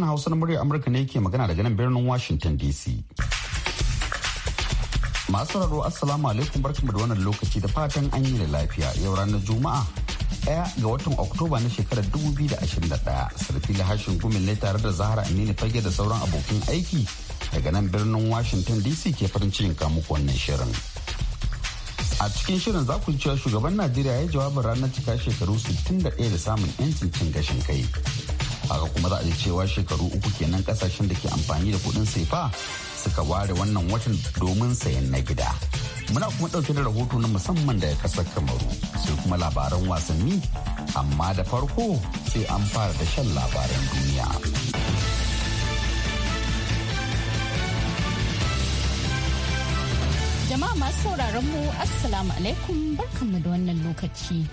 sashen Hausa na muryar Amurka ne ke magana daga nan birnin Washington DC. Masu raro Assalamu alaikum barkamu da wannan lokaci da fatan an yi da lafiya yau ranar Juma'a ɗaya ga watan Oktoba na shekarar 2021 sarfi da hashin gumin ne tare da Zahra amini fage da sauran abokan aiki daga nan birnin Washington DC ke farin cikin muku wannan shirin. A cikin shirin za ku cewa shugaban Najeriya ya jawabin ranar cika shekaru 61 da samun 'yancin cin gashin kai. haka kuma za a ji cewa shekaru uku kenan kasashen da ke amfani da kuɗin sefa suka ware wannan watan domin sayan na gida muna kuma ɗauke da rahoto na musamman da daga ƙasar kamaru sai kuma labaran wasanni amma da farko sai an fara da shan labaran duniya jama'a masu sauraron mu assalamu alaikum barkanmu da wannan lokaci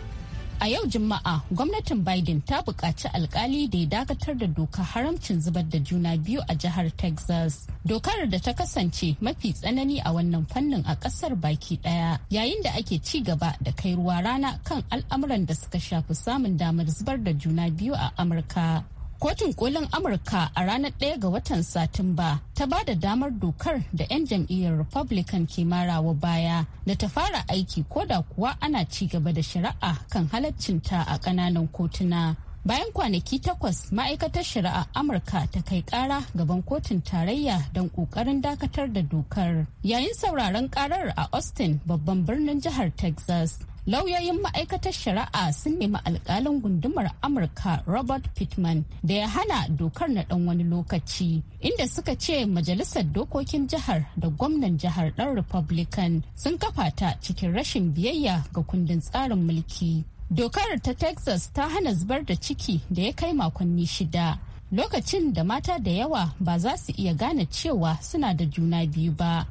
A yau Juma'a gwamnatin Biden ta buƙaci alkali da ya dakatar da doka haramcin zubar da juna biyu a jihar Texas. Dokar da ta kasance mafi tsanani a wannan fannin a ƙasar baki ɗaya yayin da ake ci gaba da kai ruwa rana kan al'amuran da suka shafi samun damar zubar da juna biyu a Amurka. Kotun kolin Amurka a ranar ɗaya ga watan Satumba ta ba da damar dokar da 'yan jam'iyyar Republican ke marawa baya da ta fara aiki ko da kuwa ana ci gaba da shari'a kan halaccinta a ƙananan kotuna. Bayan kwanaki takwas ma'aikatar shari'a Amurka ta kai ƙara gaban kotun tarayya don ƙoƙarin dakatar da dokar. Yayin sauraron ƙarar a Austin babban birnin jihar Texas. lauyoyin ma'aikatar shari'a sun nemi alkalin gundumar amurka robert pittman da ya hana dokar na dan wani lokaci inda suka ce majalisar dokokin jihar da gwamnan jihar dan republican sun kafa ta cikin rashin biyayya ga kundin tsarin mulki dokar ta texas ta hana zubar da ciki da ya kai makonni shida lokacin da mata da yawa ba za su iya gane cewa suna da juna biyu ba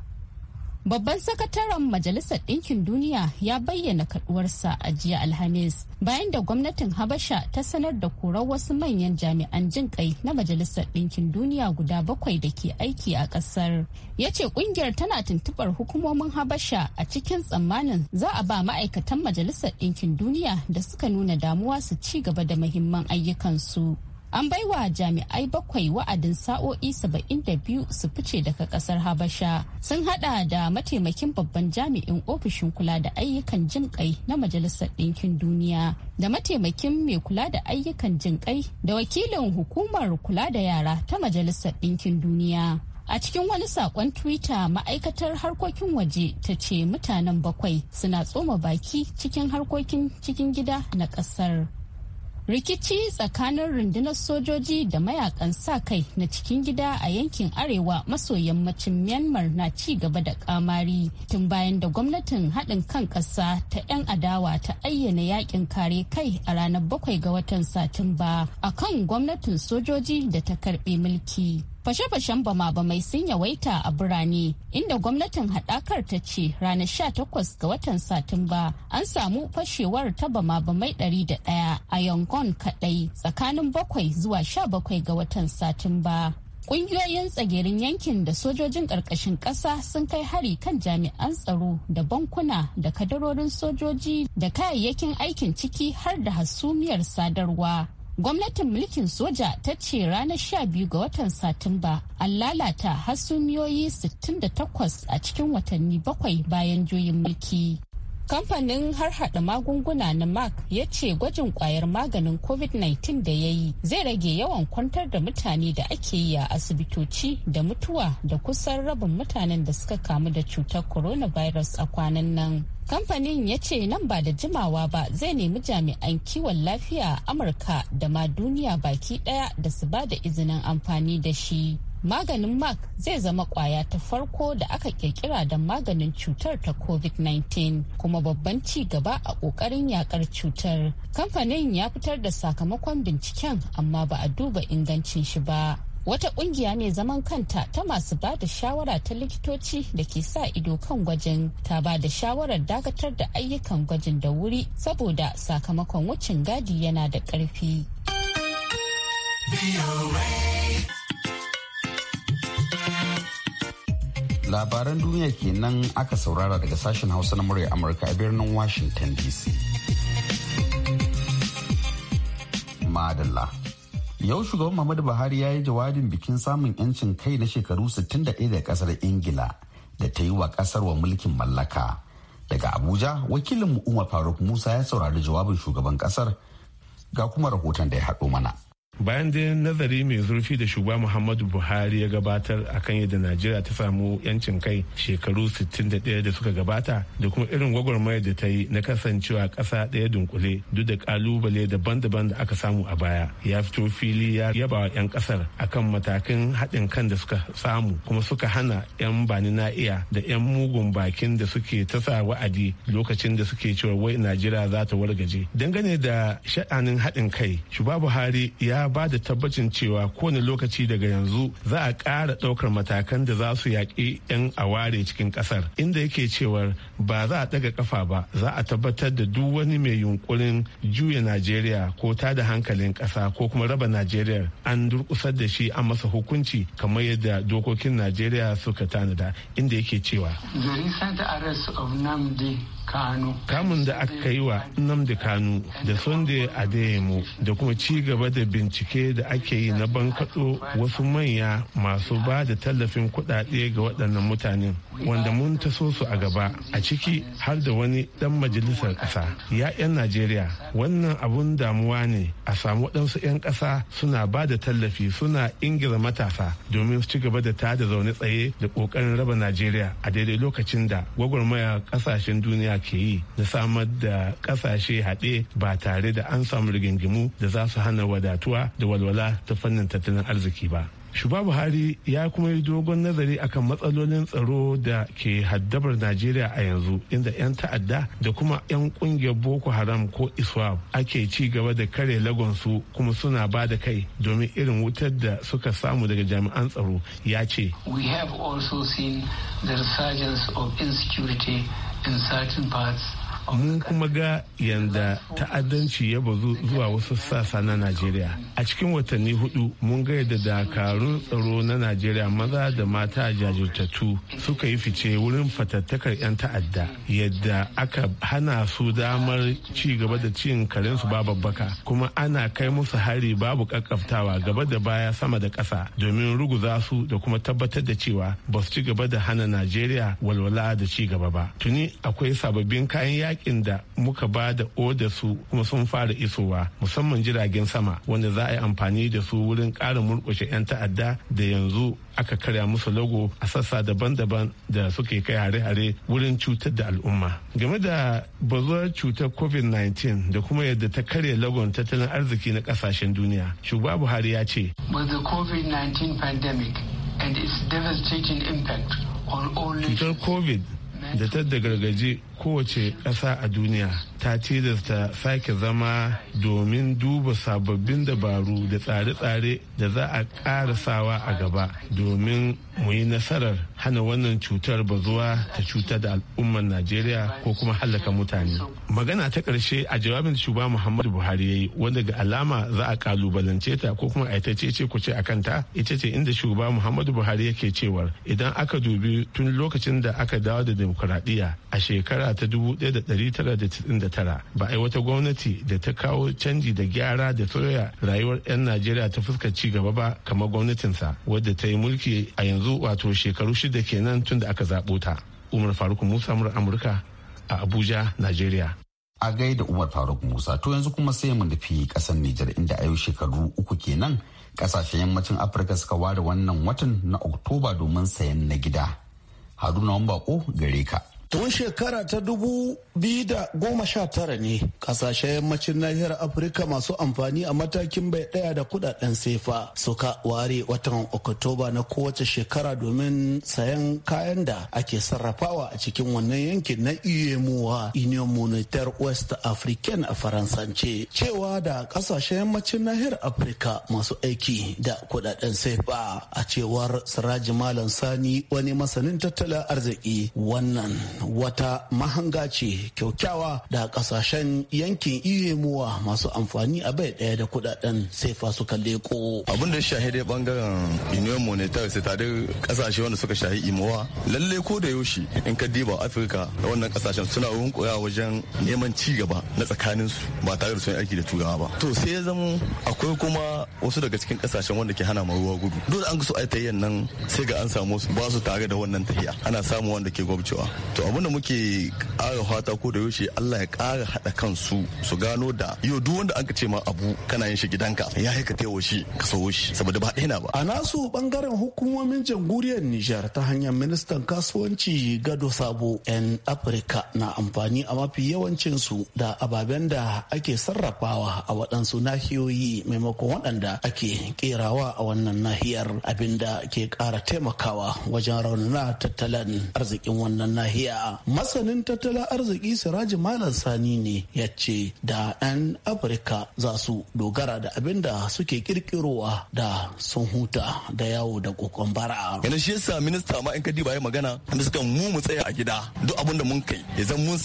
Babban sakataren Majalisar Ɗinkin Duniya ya bayyana kaduwarsa a jiya Alhamis bayan da gwamnatin Habasha ta sanar da korar wasu manyan jami'an jin kai na Majalisar Ɗinkin Duniya guda bakwai da ke aiki a ƙasar. Ya ce ƙungiyar tana tuntuɓar hukumomin Habasha a cikin tsammanin za a ba ma'aikatan Majalisar Ɗinkin Duniya da suka nuna damuwa su ci gaba da muhimman ayyukansu. an bai wa jami'ai bakwai wa'adin sa'o'i saba'in da biyu su fice daga kasar habasha sun hada da mataimakin babban jami'in ofishin kula da ayyukan jin kai na majalisar ɗinkin duniya da mataimakin mai kula da ayyukan jin kai da wakilin hukumar kula da yara ta majalisar ɗinkin duniya A cikin wani saƙon Twitter ma'aikatar harkokin waje ta ce mutanen bakwai suna tsoma baki cikin harkokin cikin gida na kasar. rikici tsakanin rundunar sojoji da mayakan sa kai na cikin gida a yankin arewa maso yammacin myanmar na ci gaba da kamari tun bayan da gwamnatin haɗin kan ƙasa ta 'yan adawa ta ayyana yakin kare kai a ranar bakwai ga watan satumba kan gwamnatin sojoji da ta karɓe mulki fashe-fashen bama mai sun yawaita a birane inda gwamnatin haɗakar ta ce ranar 18 ga watan satumba an samu fashewar ta bama mai 101 a yangon kaɗai tsakanin 7 zuwa 17 ga watan satumba Ƙungiyoyin tsagerin yankin da sojojin ƙarƙashin ƙasa sun kai hari kan jami'an tsaro da bankuna da kadarorin sojoji da kayayyakin aikin ciki har da hasumiyar sadarwa gwamnatin mulkin soja ta ce ranar 12 ga watan satumba an lalata hasumiyoyi 68 a cikin watanni bakwai bayan juyin mulki kamfanin harhaɗa magunguna na mark ya ce gwajin kwayar maganin covid-19 da ya yi zai rage yawan kwantar da mutane da ake yi a asibitoci da mutuwa da kusan rabin mutanen da suka kamu da cutar coronavirus a kwanan nan kamfanin ya ce nan ba da jimawa ba zai nemi jami'an kiwon lafiya amurka da ma duniya baki daya da su ba da izinin amfani da shi maganin mark zai zama kwaya ta farko da aka kirkira don maganin cutar ta covid-19 kuma babban ci gaba a kokarin yakar cutar kamfanin ya fitar da sakamakon binciken amma ba a duba ingancin shi ba wata kungiya mai zaman kanta ta masu ba da shawara ta likitoci da ke sa ido kan gwajin ta ba da shawarar dakatar da ayyukan gwajin da wuri saboda sakamakon wucin gadi yana da ƙarfi. labaran duniya kenan aka saurara daga sashen hausa na murya amurka a birnin washington dc madalla yau shugaban muhammadu buhari ya yi jawabin bikin samun 'yancin kai na shekaru 61 da kasar ingila da ta yi wa kasar wa mulkin mallaka daga abuja wakilin umar faruk musa ya saurari jawabin shugaban kasar ga kuma rahoton da ya haɗo mana bayan da nazari mai zurfi da shugaba muhammadu buhari ya gabatar a akan yadda najeriya ta samu yancin kai shekaru 61 da suka gabata da kuma irin gwagwarmayar da ta yi na kasancewa ƙasa ɗaya dunkule duk da ƙalubale daban-daban da aka samu a baya ya fito fili ya yaba wa 'yan ƙasar akan matakin haɗin kan da suka samu kuma suka hana 'yan bani na iya da 'yan mugun bakin da suke ta sa wa'adi lokacin da suke cewa wai najeriya za ta wargaje dangane da sha'anin haɗin kai shugaba buhari ya ba da tabbacin cewa kowane lokaci daga yanzu za a ƙara ɗaukar matakan da za su yaƙi 'yan aware cikin ƙasar inda yake cewar ba za a ɗaga ƙafa ba za a tabbatar da duk wani mai yunkurin juya najeriya ko ta da hankalin ƙasa ko kuma raba najeriya an durƙusar da shi an masa hukunci kamar yadda dokokin najeriya suka tanada inda yake cewa the recent arrest of namdi kamun da aka yi wa Nnamdi Kanu da Sunday Adeyemo da kuma ci gaba da bincike da ake yi na bankaɗo wasu manya masu ba da tallafin kuɗaɗe ga waɗannan mutanen wanda mun taso su a gaba a ciki har da wani ɗan majalisar ƙasa. Ya 'yan Najeriya wannan abun damuwa ne a samu waɗansu 'yan ƙasa suna ba da tallafi suna ingiza matasa domin su ci gaba da tada zaune tsaye da ƙoƙarin raba Najeriya a daidai lokacin da gwagwarmaya ƙasashen duniya ke yi na samar da kasashe haɗe ba tare da an samu rigingimu da za su hana wadatuwa da walwala ta fannin tattalin arziki ba Shuba Buhari ya kuma yi dogon nazari akan matsalolin tsaro da ke haddabar Najeriya a yanzu inda 'yan ta'adda da kuma 'yan kungiyar Boko Haram ko Iswab ake ci gaba da kare lagonsu kuma suna ba da kai domin irin wutar da suka samu daga jami'an tsaro ya ce. We have also seen the resurgence of insecurity in certain parts mun kuma ga yanda ta'addanci ya bazu zuwa wasu sassa na najeriya a cikin watanni hudu mun ga yadda dakarun tsaro na najeriya maza da mata jajirtattu suka yi fice wurin fatattakar 'yan ta'adda yadda aka hana su damar ci gaba da cin karensu ba babbaka kuma ana kai musu hari babu kakkaftawa gaba da baya sama da ƙasa domin ruguza su da kuma tabbatar da cewa ba su ci gaba da hana najeriya walwala da ci gaba ba tuni akwai sababbin kayan yaki yakin da muka ba da oda su kuma sun fara isowa musamman jiragen sama wanda za a yi amfani da su wurin ƙara murƙushe 'yan ta'adda da yanzu aka karya musu logo a sassa daban-daban da suke kai hare-hare wurin cutar da al'umma game da bazuwar cutar covid-19 da kuma yadda ta karya lagon tattalin arziki na kasashen duniya shugaba buhari ya ce covid-19 pandemic and its devastating impact Cutar COVID da ta gargaji kowace ƙasa a duniya ta tilasta sake zama domin duba sababbin dabaru da tsare-tsare da za a ƙara sawa a gaba domin mu yi nasarar hana wannan cutar zuwa ta cutar da al'ummar najeriya ko kuma hallaka mutane magana ta ƙarshe a jawabin shugaba muhammadu buhari ya yi wanda ga alama za a kalubalance ta ko kuma a ce ku ce a kanta ita ce inda shugaba muhammadu buhari yake cewar idan aka dubi tun lokacin da aka dawo da demokuraɗiyya a shekara ta 1999 ba a yi wata gwamnati da ta kawo canji da gyara da soya rayuwar 'yan najeriya ta fuska ci gaba ba kamar gwamnatinsa wadda ta yi mulki a yanzu wato shekaru shida kenan tun da aka zaɓo ta umar faruk musa mura amurka a abuja najeriya a gaida umar faruk musa to yanzu kuma sai mu nufi kasar nijar inda a yau shekaru uku kenan kasashen yammacin afirka suka ware wannan watan na oktoba domin sayan na gida haruna bako gare ka Tun shekara ta dubu biyu da goma sha tara ne kasashen yammacin nahiyar Afirka masu amfani a matakin bai ɗaya da kudaden sefa suka ware watan Oktoba na kowace shekara domin sayan kayan da ake sarrafawa a cikin wannan yankin na iyemuwa Union Monetaire West African a Faransance cewa da kasashen yammacin nahiyar Afirka masu aiki da kudaden sefa a cewar Siraji Malam Sani wani masanin tattalin arziki wannan wata mahanga ce kyaukyawa da kasashen yankin iyemuwa masu amfani a bai daya da kudaden sai sefa suka leko abin da shahi dai bangaren union monetary sai tare kasashe wanda suka shahi imowa lalle ko da yaushe in ka diba afirka da wannan kasashen suna wurin koya wajen neman ci gaba na tsakanin su ba tare da sun aiki da turawa ba to sai ya zama akwai kuma wasu daga cikin kasashen wanda ke hana ma ruwa gudu dole an ga su a nan sai ga an samu ba su tare da wannan tahiya ana samu wanda ke gwabcewa to da muke ƙara fata ko da yaushe Allah ya ƙara haɗa kansu su gano da yau duk wanda an ka ce ma abu kana yin shi gidanka ya ka taiwa shi ka sawo shi saboda ba ɗaya ba. A nasu ɓangaren hukumomin jamhuriyar Nijar ta hanyar ministan kasuwanci Gado Sabo 'yan Afirka na amfani a mafi yawancin su da ababen da ake sarrafawa a waɗansu nahiyoyi maimakon waɗanda ake kerawa a wannan nahiyar abinda ke ƙara taimakawa wajen raunana tattalin arzikin wannan nahiya. baya masanin tattalin arziki siraji malam sani ne ya ce da 'yan afirka za su dogara da abin da suke kirkirowa da sun huta da yawo da kokon bara yana shi yasa minista ma in ka diba ya magana da suka mu mu tsaya a gida duk abin da mun kai ya zan mun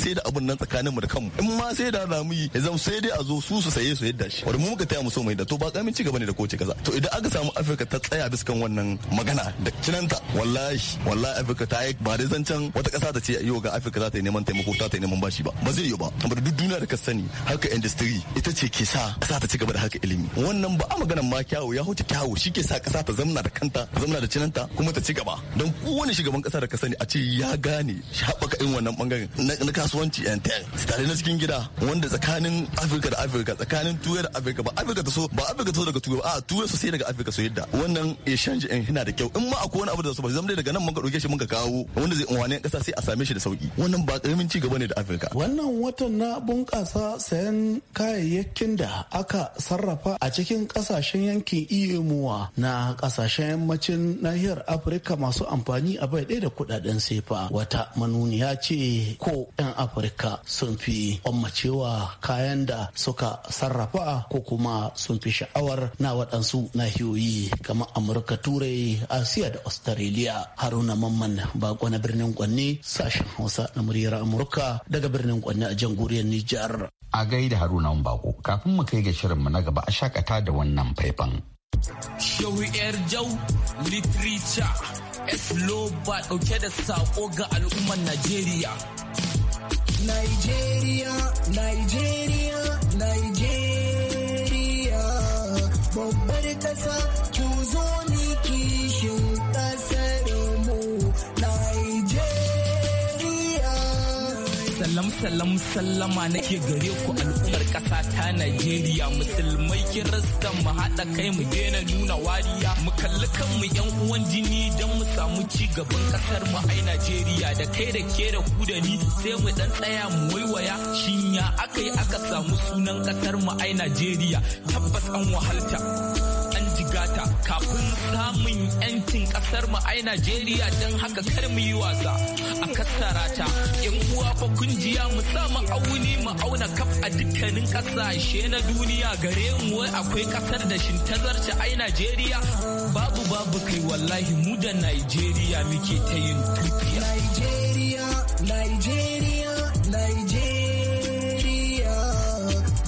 sai da abin nan tsakanin mu da kanmu in ma sai da zamu yi ya zan sai dai a zo su su saye su yadda shi wanda mu muka taya mu so mai da to ba kamin ci gaba ne da k'o ce kaza to idan aka samu afirka ta tsaya bisa kan wannan magana da kinanta wallahi wallahi afirka ta yi ba dai zancen wata wata ƙasa ta ce yau ga Afirka za ta yi neman taimako ta ta yi neman bashi ba ba zai yi ba amma duk duniya da ka sani haka industry ita ce ke sa ƙasa ta ci gaba da haka ilimi wannan ba a maganan ma kyawu ya huce kyawu shi ke sa ƙasa ta zamna da kanta zamna da cinanta kuma ta ci gaba don kowane shugaban ƙasa da ka sani a ce ya gane shi haɓaka irin wannan bangaren na kasuwanci yan ten tare na cikin gida wanda tsakanin Afirka da Afirka tsakanin Turai da Afirka ba Afirka ta so ba Afirka ta so daga Turai ba a Turai sai daga Afirka so yadda wannan exchange in hina da kyau in ma akwai wani abu da su ba zama daga nan mun ka ɗauke shi mun ka kawo wanda zai unwane ƙasa sai a same shi da sauki wannan ba karamin ci gaba ne da afirka wannan watan na bunƙasa sayan kayayyakin da aka sarrafa a cikin ƙasashen yankin iyemuwa na ƙasashen yammacin nahiyar afirka masu amfani a bai ɗaya da kudaden sefa wata manuniya ce ko 'yan afirka sun fi cewa kayan da suka sarrafa ko kuma sun fi sha'awar na waɗansu nahiyoyi kamar amurka turai asiya da australia haruna mamman bako na birnin gwanne sashen Hausa na muryar Amurka daga birnin Kwanne a jamhuriyar Nijar. A gaida Haruna Bako kafin mu kai ga shirinmu na gaba a shakata da wannan faifan. Shehu yar Jau Literature Eslo Loba ɗauke da saƙo ga al'ummar Najeriya. Nigeria, Nigeria. salam sallama nake gare ku al'ummar ƙasa ta Najeriya musulmai kirista mu haɗa kai mu daina nuna wariya mu kalli kanmu yan uwan jini don mu samu ci gaban ƙasar mu ai Najeriya da kai da ke da ku da ni sai mu dan tsaya mu waiwaya shinya akai aka samu sunan ƙasar mu ai Najeriya tabbas an wahalta gata kafin samun yancin kasar mu ai Najeriya don haka kar mu yi wasa a kasara ta yan uwa fa kunjiya mu sa mu auni mu auna kaf a dukkanin kasashe na duniya gare mu wai akwai kasar da shin ai Najeriya babu babu kai wallahi mu da Najeriya muke ta yin tufiya. Najeriya Najeriya Najeriya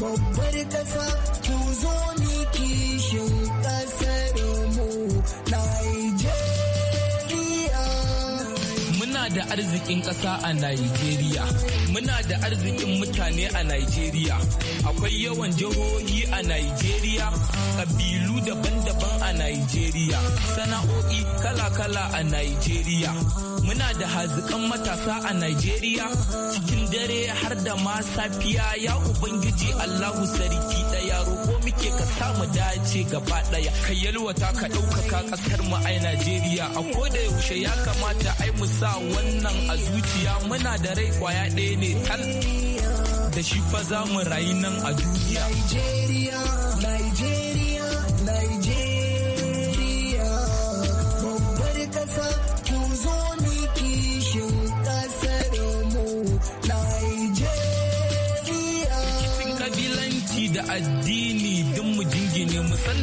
babbar kasa arzikin ƙasa a Najeriya. Muna da arzikin mutane a Najeriya. Akwai yawan jihohi a Najeriya, ƙabilu daban-daban a Najeriya, sana'o'i kala-kala a Najeriya. Muna da hazikan matasa a Najeriya, cikin dare har da ma safiya ya Ubangiji Allahu sarki ɗaya roƙo muke ka mu dace gaba ɗaya. Ka yalwata ka ɗaukaka ƙasar mu a Najeriya. A ko da yaushe ya kamata ai mu sa wannan nan a zuciya muna da rai kwaya ɗaya ne tal da shi fa za mu rayu nan a duniya.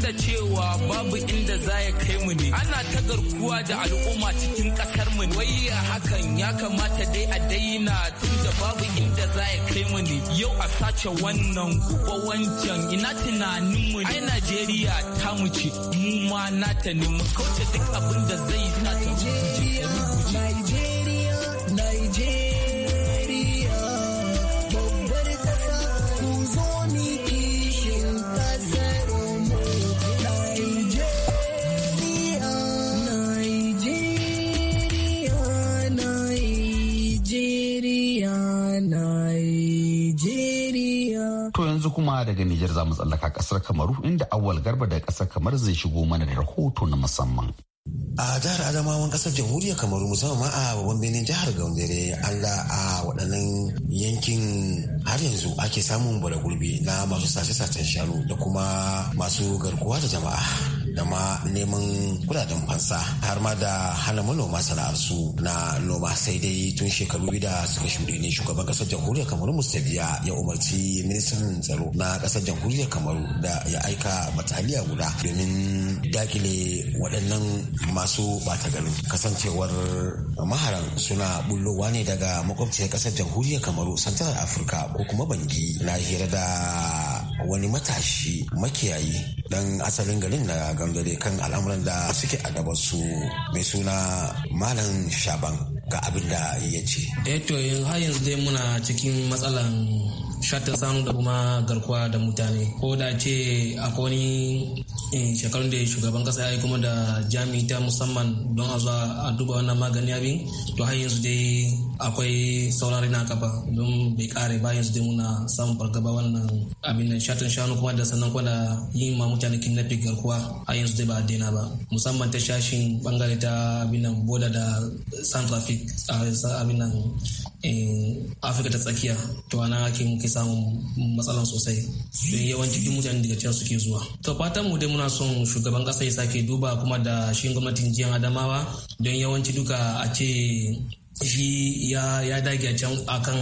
nuna cewa babu inda za ya kai mu ne ana ta garkuwa da al'umma cikin kasar mu wai hakan ya kamata dai a daina tun da babu inda za ya kai mu ne yau a sace wannan gobe wancan ina tunanin mu ai Najeriya ta mu ce mu ma nata ne mu kauce duk abin da zai sa kuma daga Nijar za mu tsallaka kasar Kamaru inda awal garba da kasar Kamar zai shigo mana da rahoto na musamman. a jihar adamawan kasar jamhuriyar kamaru musamman a babban birnin jihar Gombe Allah, a waɗannan yankin har yanzu ake samun bala gurbi na masu sace-sacen shanu da kuma masu garkuwa da jama'a da ma neman kudaden fansa har ma da hana manoma sana'arsu na noma sai dai tun shekaru biyu da suka shuɗe ne shugaban ƙasar jamhuriyar kamaru Biya ya umarci ministan tsaro na ƙasar jamhuriyar kamaru da ya aika bataliya guda domin dakile waɗannan masu bata garin kasancewar maharan suna bullowa ne daga makwabciyar kasar jamhuriyar kamaru santarar afirka ko kuma bangi na hira da wani matashi makiyayi dan asalin garin na gangare kan al'amuran da suke a gabansu mai suna malam shaban ga abin da ya ce. eto eh eh, har yanzu dai muna cikin matsalan shatta sanu da kuma garkuwa da mutane ko da ce akwai Eh, shekarun da shugaban kasa ya yi kuma da jami'i ta musamman don a zuwa a duba wannan magani abin to har yanzu dai akwai sauran na kafa don bai kare ba yanzu dai muna samun fargaba wannan abin nan shatan shanu kuma da sannan kuma da yin ma mutane kidnapping garkuwa har yanzu dai ba a daina ba musamman ta shashin bangare ta abin nan boda da san traffic abin nan eh, afirka ta tsakiya to ana ake muke samun matsalan sosai don yawanci duk mutane daga can suke zuwa to fatan mu dai muna son shugaban kasa ya sake duba kuma da shi gwamnatin jiyan adamawa don yawanci duka a ce shi ya dage a can akan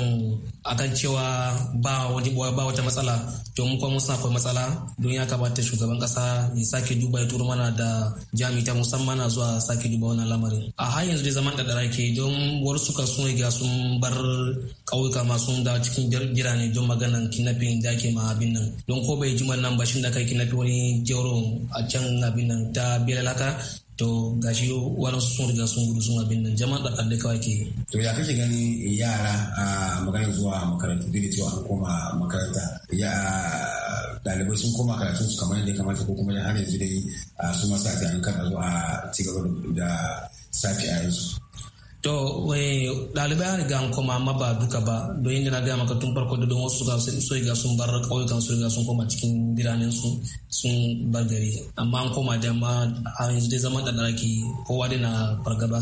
akan cewa ba wata matsala to mu kuma musa akwai matsala don ya kamata shugaban kasa ya sake duba ya turo mana da jami'a musamman zuwa sake duba wannan lamarin a har yanzu dai zaman da dara ke don wasu suka sun riga sun bar kauyuka masu da cikin birane don maganan kinafin da ke ma abin nan don ko bai jima nan ba shin da kai kinafi wani jero a can abin nan ta laka to shi wani sun riga sun gudu sun abin nan jama'a da ɗalle kawai ke to ya kake gani yara a maganin zuwa makarantu duk da cewa an koma makaranta ya dalibai sun koma karatun su kamar yadda ya kamata ko kuma har yanzu dai su masa an a zuwa cigaba da safiya yanzu to ɗalibai an gan kuma koma amma ba duka ba don yin na gaya maka tun farko da don wasu so ga sun bar ƙauyukan su riga sun koma cikin biranen su sun bar gari amma an koma da ma a yanzu dai zama ɗanɗana ke kowa dai na fargaba.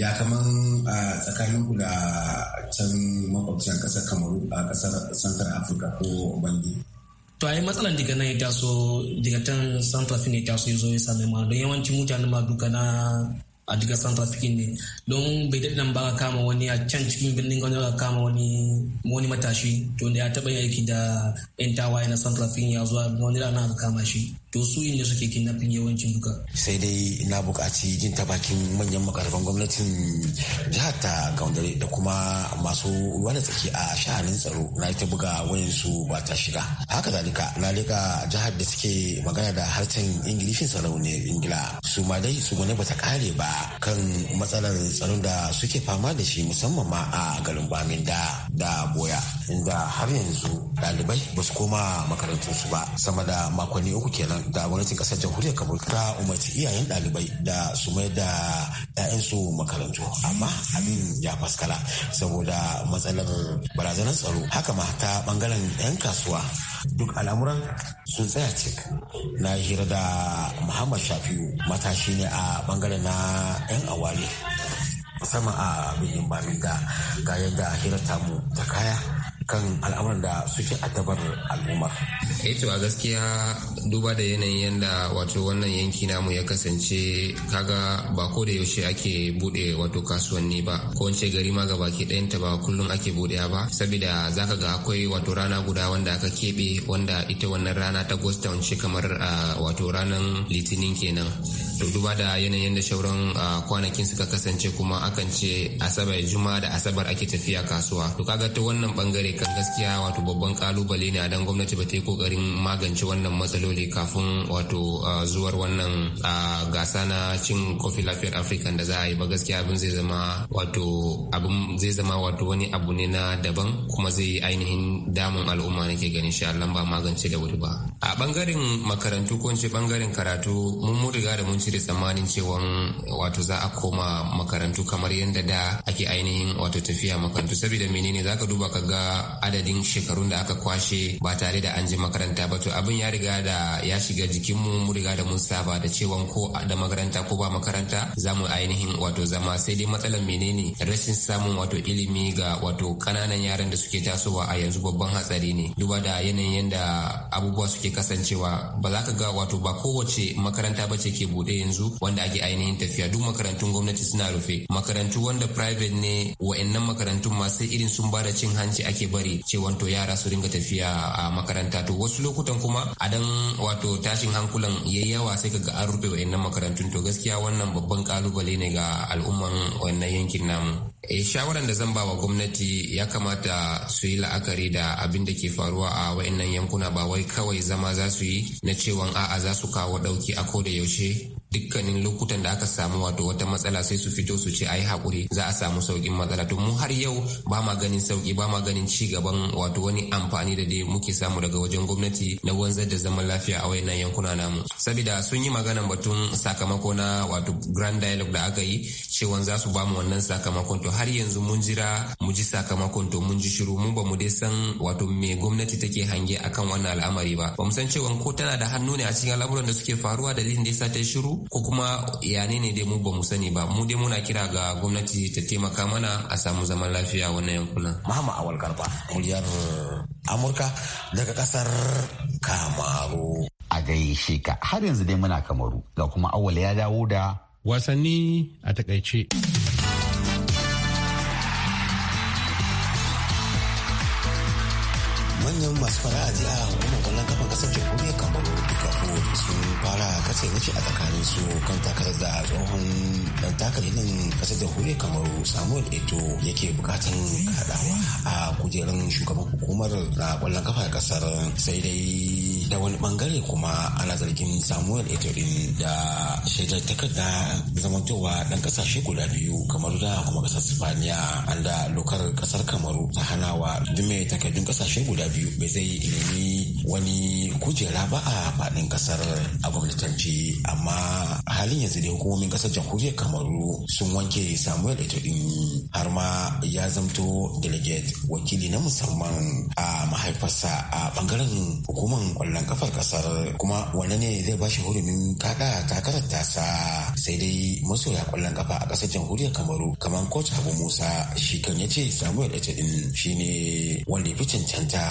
ya kaman a tsakanin ku da can makwabcin ƙasar kamaru a ƙasar central africa ko bandi. to a yi matsalan daga nan ya taso daga can central africa ya taso ya zo ya same ma don yawancin mutane ma duka na a diga central speaking ne don bai daɗe nan ba ka kama wani a can cikin birnin gwamnati ka kama wani wani matashi to da ya taɓa yin aiki da yan tawaye na central speaking ya zuwa wani rana ka kama shi to su ne suke kidnapping yawancin duka. sai dai na buƙaci jin ta bakin manyan makarfan gwamnatin jihar ta gaundare da kuma masu ruwa da tsaki a shahanin tsaro na ita buga wayansu ba ta shiga haka zalika na leka jihar da suke magana da harshen ingilishin sarauniyar ingila su ma dai su gane bata kare ba kan matsalar tsaron da suke fama da shi musamman ma a garin baminda da boya inda har yanzu ɗalibai ba su koma makarantun su ba sama da makonni uku kenan da gwamnatin kasar jamhuriyar kabul ta umarci iyayen ɗalibai da su mai da 'ya'yansu makarantu amma abin ya faskala saboda matsalar barazanar tsaro haka ma ta bangaren 'yan kasuwa duk al'amuran sun tsaya cik na hira da muhammad shafiu matashi ne a bangaren na 'yan awali musamman a birnin baminga ga yadda hirar tamu ta kaya kan al'amuran da suke atabar al'ummar. Eh to a gaskiya duba da yanayin yadda wato wannan yanki namu ya kasance kaga ba ko da yaushe ake bude wato kasuwanni ba ko ce gari ma ke ɗayan ta ba kullum ake budewa ba saboda ka ga akwai wato rana guda wanda aka keɓe wanda ita wannan rana ta Ghost ce kamar ah, wato ranar Litinin kenan duba da yanayin da shauran kwanakin suka kasance kuma akan ce asabar juma da asabar ake tafiya kasuwa to kaga ta wannan bangare kan gaskiya wato babban kalubale ne a dan gwamnati ba ta yi kokarin magance wannan matsaloli kafin wato zuwar wannan gasa na cin kofi lafiyar african da za a yi ba gaskiya abin zai zama wato abin zai zama wato wani abu ne na daban kuma zai ainihin damun al'umma nake ganin sha Allah ba magance da wuri ba a bangaren makarantu ko in ce bangaren karatu mun riga da mun ci cire tsammanin cewa wato za a koma makarantu kamar yadda da ake ainihin wato tafiya makarantu saboda menene zaka duba ka ga adadin shekarun da aka kwashe ba tare da an je makaranta ba to abin ya riga da ya shiga jikin mu riga da mun saba da cewa ko da makaranta ko ba makaranta za mu ainihin wato zama sai dai matsalar menene rashin samun wato ilimi ga wato kananan yaran da suke tasowa a yanzu babban hatsari ne duba da yanayin yadda abubuwa suke kasancewa ba za ka ga wato ba kowace makaranta ba ce ke bude yanzu wanda ake ainihin tafiya duk makarantun gwamnati suna rufe makarantu wanda private ne wa'annan makarantun ma sai irin sun bada cin hanci ake bari cewa to yara su ringa tafiya a makaranta to wasu lokutan kuma a dan wato tashin hankulan yayi yawa sai kaga an rufe wa'annan makarantun to gaskiya wannan babban kalubale ne ga al'umman wannan yankin namu e shawaran da zan ba wa gwamnati ya kamata su yi la'akari da abin da ke faruwa a wa'annan yankuna ba wai kawai zama za su yi na cewa a'a za su kawo dauki a ko da yaushe dukkanin lokutan da aka samu wato wata matsala sai su fito su ce a yi haƙuri za a samu saukin matsala to mu har yau ba ma ganin sauki ba ma ganin ci gaban wato wani amfani da dai muke samu daga wajen gwamnati na wanzar da zaman lafiya a wayannan yankuna namu saboda sun yi maganan batun sakamako na wato grand dialogue da aka yi cewa za su ba mu wannan sakamakon to har yanzu mun jira mu ji sakamakon to mun ji shiru mu ba mu dai san wato me gwamnati take hange akan wannan al'amari ba ba mu san cewa ko tana da hannu ne a cikin al'amuran da suke faruwa dalilin da yasa ta shiru ko kuma ya ne dai mu ba mu sani ba mu dai muna kira ga gwamnati ta taimaka mana a samu zaman lafiya wannan yankunan. Mahama Awal Garba, muryar Amurka daga kasar Kamaru. A gaishe ka har yanzu dai muna Kamaru ga kuma Awal ya dawo da wasanni a takaice. Manyan masu fara a hukumar kwallon kafa kasar jamhuriyar Kamaru kafur su fara kasa wuce a tsakanin su kan takarar da a tsohon dan kasa da hure kamar samuel eto yake bukatan kadawa a kujerun shugaban hukumar na kwallon kafa kasar sai dai da wani bangare kuma ana zargin samuel eto din da shaidar takarda zamantowa dan kasashe guda biyu kamar da kuma kasar sifaniya an da lokar kasar kamaru ta hana wa dume takardun kasashe guda biyu bai zai nemi wani kujera ba a faɗin ƙasar a gwamnatanci amma halin yanzu da hukumomin ƙasar jamhuriyar kamaru sun wanke samuel ta din har ma ya zamto delegate wakili na musamman a mahaifarsa a bangaren hukumar kwallon kafar kasar kuma wanne ne zai ba shi hurumin kaɗa takarar tasa sai dai masoya kwallon kafa a ƙasar jamhuriyar kamaru kamar kotu abu musa shi kan ya ce samuel ita din shine wanda ya fi cancanta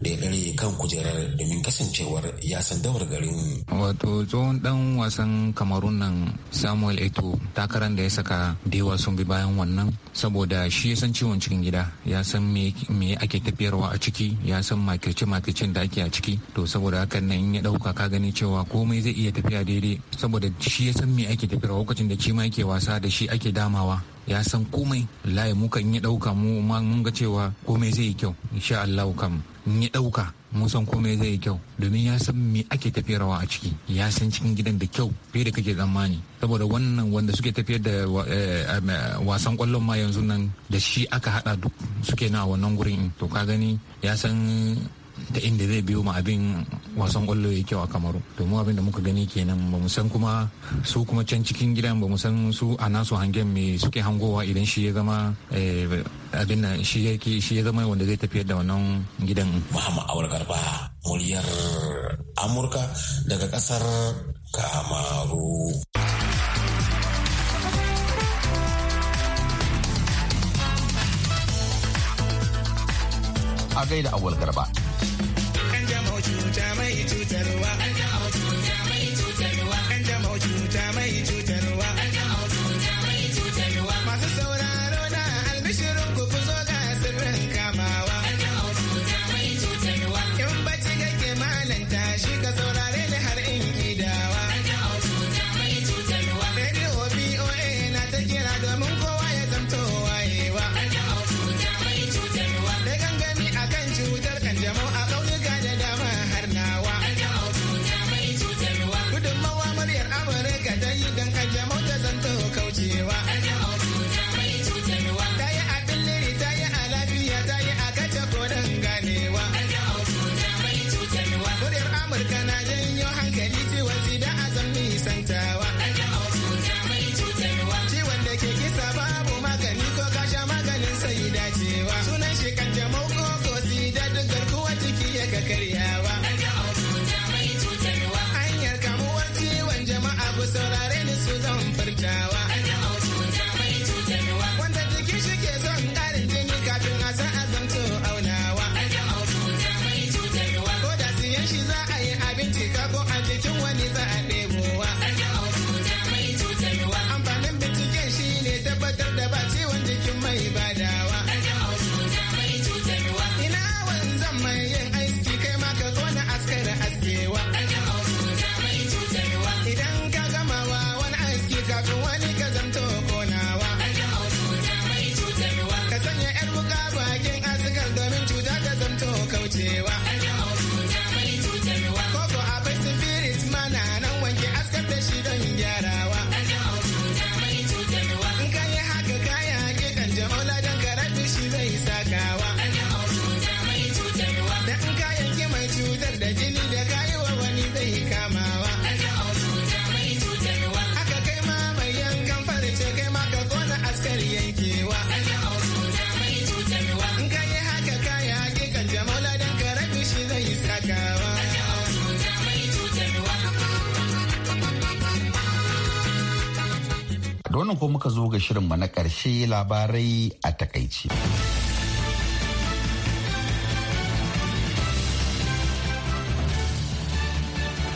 da ya dare kan kujerar domin kasancewar ya san dawar garin wato tsohon dan wasan kamarun nan samuel eto takarar da ya saka dewa sun bi bayan wannan saboda shi ya san ciwon cikin gida ya san me ake tafiyarwa a ciki ya san makirce makircin da ake a ciki to saboda hakan in ya dauka ka gani cewa komai zai iya tafiya daidai saboda shi ya san me ake tafiyarwa lokacin da shi yake wasa da shi ake damawa ya san komai layi mu yi ɗauka mu mun ga cewa komai zai yi kyau insha Allah kam in yi ɗauka mun san komai zai yi kyau domin ya san me ake tafiyarwa a ciki ya san cikin gidan da kyau fiye da kake tsammani saboda wannan wanda suke tafiyar da eh, eh, eh, wasan kwallon ma yanzu nan da shi aka hada duk suke na wannan gurin to ka gani ya san ta inda zai biyo ma abin wasan kwallo ya kyau a kamaru domin abin da muka gani kenan ba mu san kuma su kuma can cikin gidan ba mu san su a nasu hangen me suke hangowa idan shi ya zama eh, abin da shi ke shi ya zama wanda zai tafiyar da wannan gidan Muhammad Awar Garba muryar Amurka daga kasar Kamaru a gaida awal garba karewa sunan shi kan jamau ko si da garkuwa ciki ya ga karya ko muka zo ga shirinmu na ƙarshe labarai a takaici.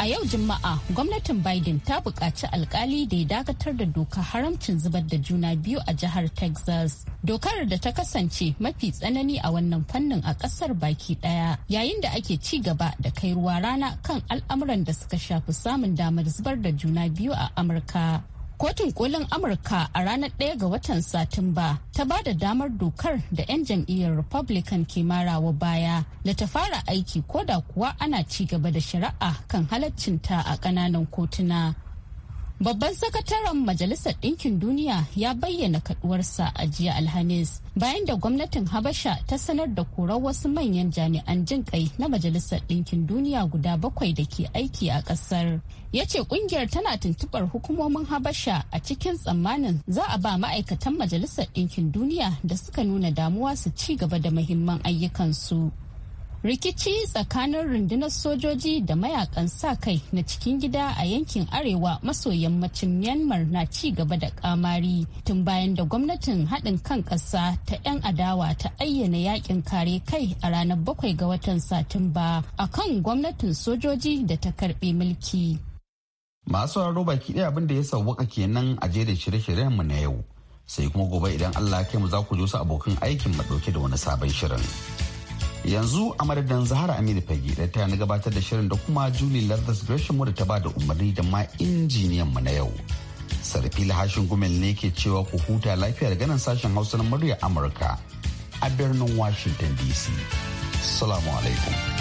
A yau Juma'a gwamnatin Biden ta buƙaci alkali da ya dakatar da doka haramcin zubar da juna biyu a jihar Texas. Dokar da ta kasance mafi tsanani a wannan fannin a ƙasar baki ɗaya yayin da ake ci gaba da kai ruwa rana kan al'amuran da suka shafi samun damar zubar da juna biyu a Amurka. kotun kolin amurka a ranar ɗaya ga watan satumba ta ba da damar dokar da 'yan jam'iyyar republican ke marawa baya da ta fara aiki ko da kuwa ana ci gaba da shari'a kan halaccinta a ƙananan kotuna Babban sakataren Majalisar Ɗinkin Duniya ya bayyana kaduwarsa a jiya Alhamis bayan da gwamnatin Habasha ta sanar da korar wasu manyan jami'an jin kai na Majalisar Ɗinkin Duniya guda bakwai da ke aiki a ƙasar. Ya ce ƙungiyar tana tuntuɓar hukumomin Habasha a cikin tsammanin za a ba ma'aikatan Majalisar Ɗinkin Duniya da suka nuna damuwa su ci gaba da muhimman ayyukansu. rikici tsakanin rundunar sojoji da mayakan sa kai na cikin gida a yankin arewa maso yammacin myanmar na ci gaba da kamari tun bayan da gwamnatin haɗin kan ƙasa ta 'yan adawa ta ayyana yakin kare kai a ranar bakwai ga watan satumba a kan gwamnatin sojoji da ta karɓe mulki masu raro baki ɗaya abin da ya sauwaka kenan a da shirye shiryen mu na yau sai kuma gobe idan allah ya kai mu za ku ji wasu abokan aikin mu ɗauke da wani sabon shirin yanzu a madadin zahara aminu fage da ta na gabatar da shirin da kuma julie lardas gresham da ta ba da umarni da ma injiniyan mu na yau sarfi Lahashin gumel ne ke cewa ku huta lafiyar ganin sashen hausa na murya amurka a birnin washington dc salamu alaikum